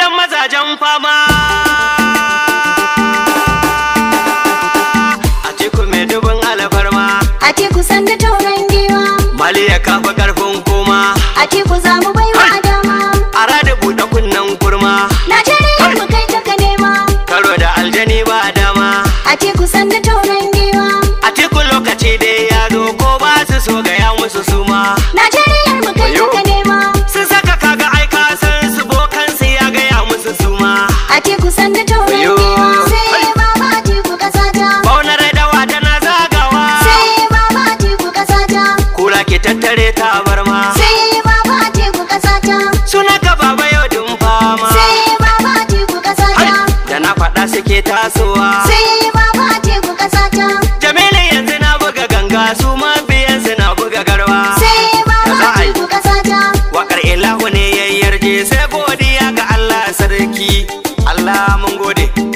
dan mazajen fama a teku mai dubin alfarma a teku sanda tauran giwa mali ya kafa karfin koma a teku zamu baiwa wa dama a rada buɗe kunnen kurma najeriya mu kai taka nema karo da aljani ba dama a teku sanda tauran giwa a teku lokaci dai ya zo ko ba su so gaya musu suma najeriya Sai baba ce Jamilu yanzu na buga ganga suma ma na buga garwa. Sai baba ce ku kasata. Wakar ilahu ne yayyarje sai godiya ga Allah sarki. Allah mun gode.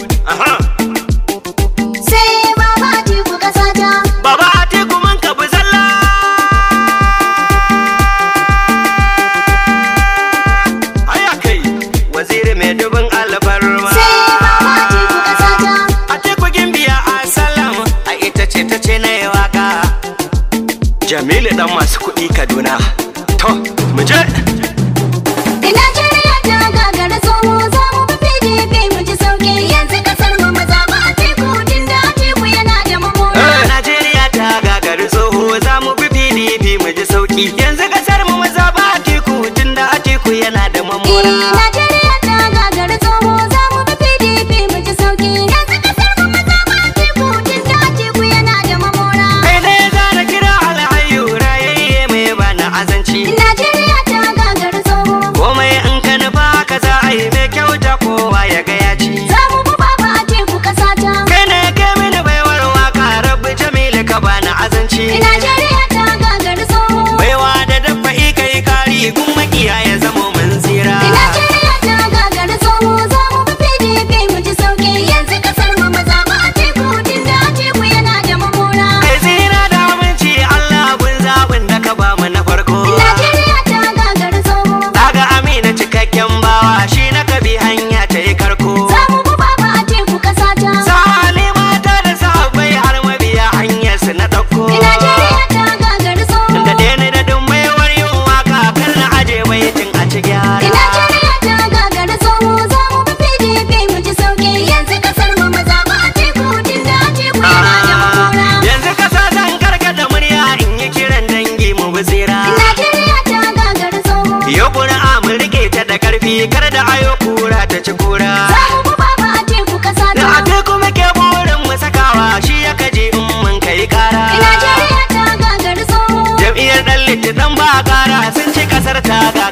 ce na yi waka jamilu dan masu kuɗi kaduna to ai mai kyau da kowa ya ga ya ci. Za mu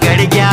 get it, yeah.